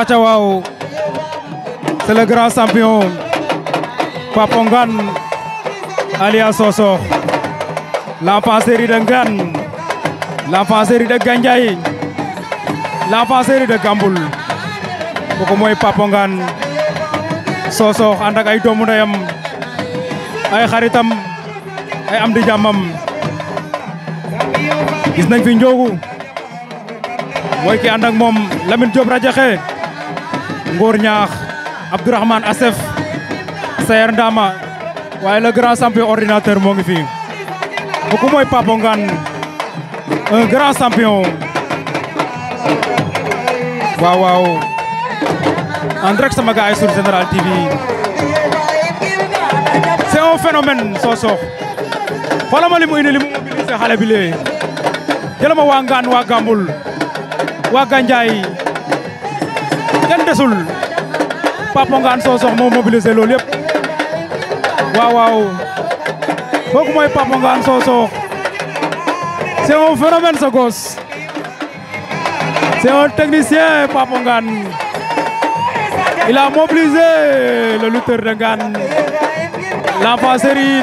aca waaw c'est le grand champion papongan alias Sosokh l'enfant chéri de Ngane l'enfant chéri de Ganjai l'enfant chéri de Gamboul kooku mooy Papongan Soso andak ànd ak ay doomu ndeyam ay xaritam ay am di gis nañ fi Ndiogu mooy ki ànd moom Lamine Diop Radiakhé Ngor Ñaax Abdourahmane Assef Sayer Ndama waaye le grand champion ordinateur moo ngi fi kooku mooy Papo Ngane grand champion waaw waaw en sama gars yi sur Général TV c'est un phénomène Sokh Sokh ma li mu indi li mu te xale bi lee jëlama waa Ngaan waa Gambul waa Gandiaye kenn desul Papa Ngaan Sosokh moo mobilisé loolu yëpp waaw waaw mooy Papa Ngaan Sosokh c'est un phénomène ce gosse c'est un technicien Papa Ngaan il a mobilisé le lutteur de Ngaan l'enfant chéri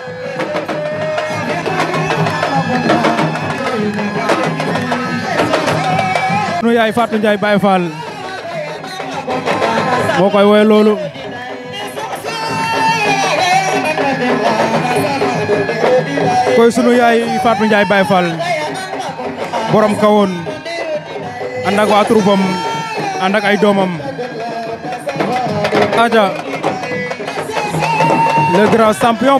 nu yaay Fatou Ndiaye Baye Fall moo koy woy loolu koy sunu yaay Fatou Ndiaye Baye Fall kawoon ànd ak waa troupam ànd ak ay doomam aja le grand champion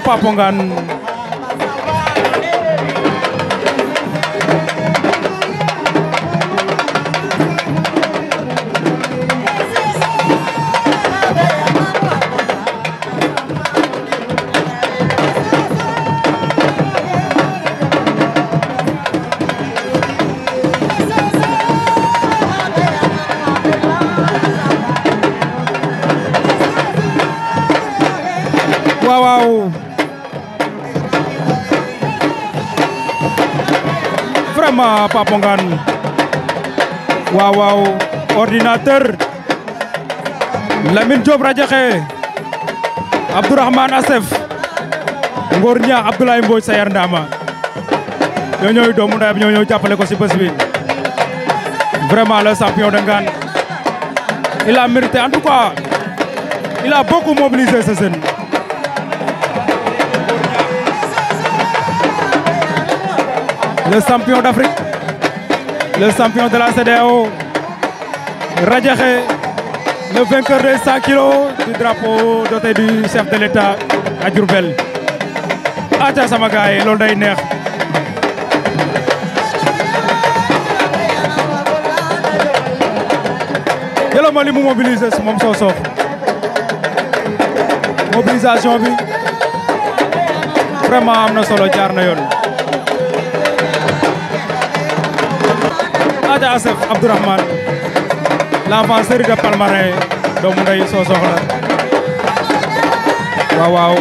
Wow, waaw vraiment Papo Wow, waaw waaw job Lamine Diop Radiakhé Abdourahmane Assef Ngor Ñaa Abdoulaye Sayar Ndama ñoo ñooy doomu ndayam ñoo ñooy jàppale ko ci bés bi vraiment le champion de Ngane il a mérité en tout cas il a beaucoup mobilisé ses jeunes le champion d'Afrique, le champion de la CEDEAO, Radjahe, le vainqueur de 100 kilos du drapeau doté du chef de l'État à Djurbel. Acha Samagaye, Et day Je ma mobilisé mobiliser mobilisation bi vraiment am solo Aja Asef Abdourahmane l'enfant chéri de Palmarin doomu ndey soo soxla waaw waaw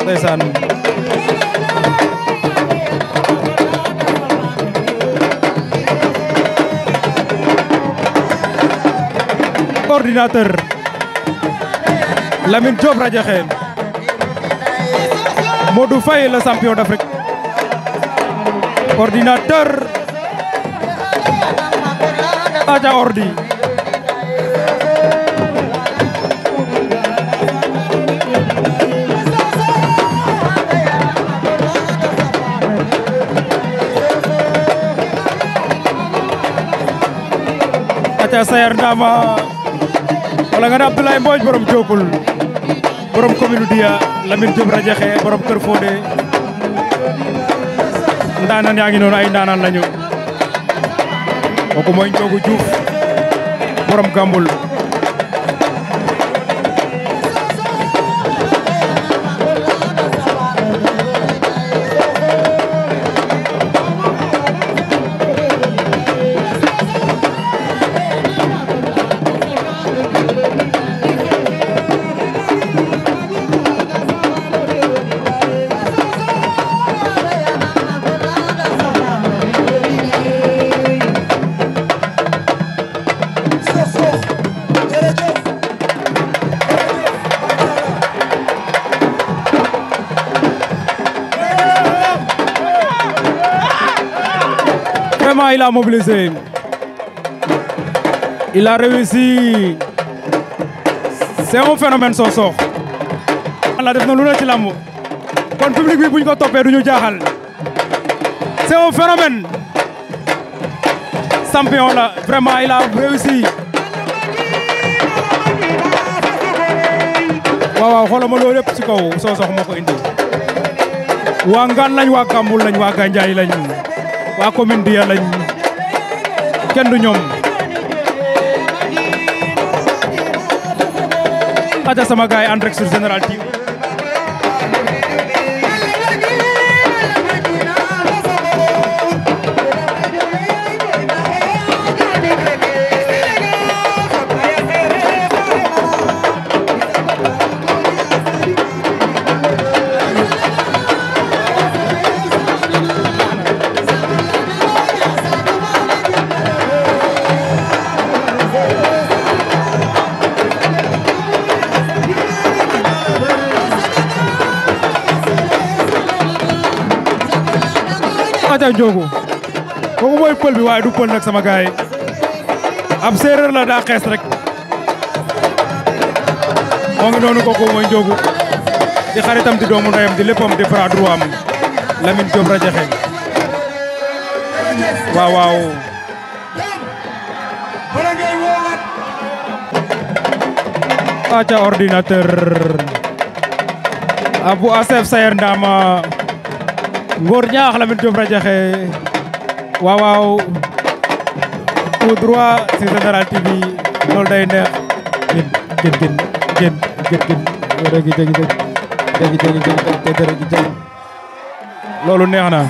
ndeysaan ordinateur Lamine Diop Radiakhène Modou Faye, le champion d'Afrique. Coordinateur Aja Ordi. Aja Sayardama. Olangan Abdullah Mboj borom Jopul. Borom Komilu dia. Lamine Diop Radiakhé borom Kër Fodé ndaanan yaa ngi noonu ay ndaanan lañu kooku mooy Ndiogou Diouf borom Gambul il a mobilisé. Il a réussi. C'est un phénomène son sort. la def na c'est un phénomène. Quand le public bi buñ ko toppee duñu jaaxal c'est un phénomène champion là, vraiment il a réussi waaw waaw xoolal ma loolu lépp ci kaw soo sox moo ko indi waa Ngane lañ waa Kambul lañ waa Gandiaye lañ waa c'est un lañ kenn du ñoom aja sama gaay en direct Général TV Mathiaw Ndiogo kooku mooy pël bi waaye du pël nag sama gaay ab séeréer la daa xees rek moo ngi noonu kooku mooy Ndiogo di xaritam di doomu ndeyam di léppam di bras droit am Lamine Diop Radiakhé waaw waaw aca ordinateur abu asef Ngor Niakh Lamine Diop Radiakhé waaw waaw coup droit ci Général TV loolu day neex gën gën gën gën gën jërëjëf jërëjëf jërëjëf loolu neex na.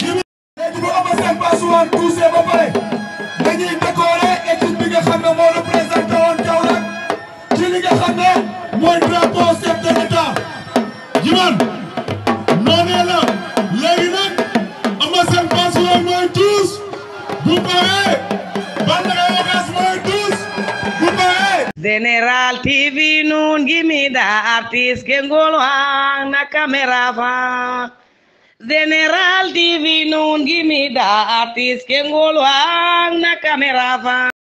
les seen basuwaan tuusee ba pare dañuy décorer équipe bi nga xam ne moo représenté woon Kaolack ci li nga xam ne mooy drapeau chef de l'État jiman noonee la léegi nag am na seen basuwaan mooy tuus bu paree bandara wagas mooy tuus bu paree General TV nun gimi da artiste ke ngol wang na camera fa General Divinun, give me that that. Is Kengolwang na camera van.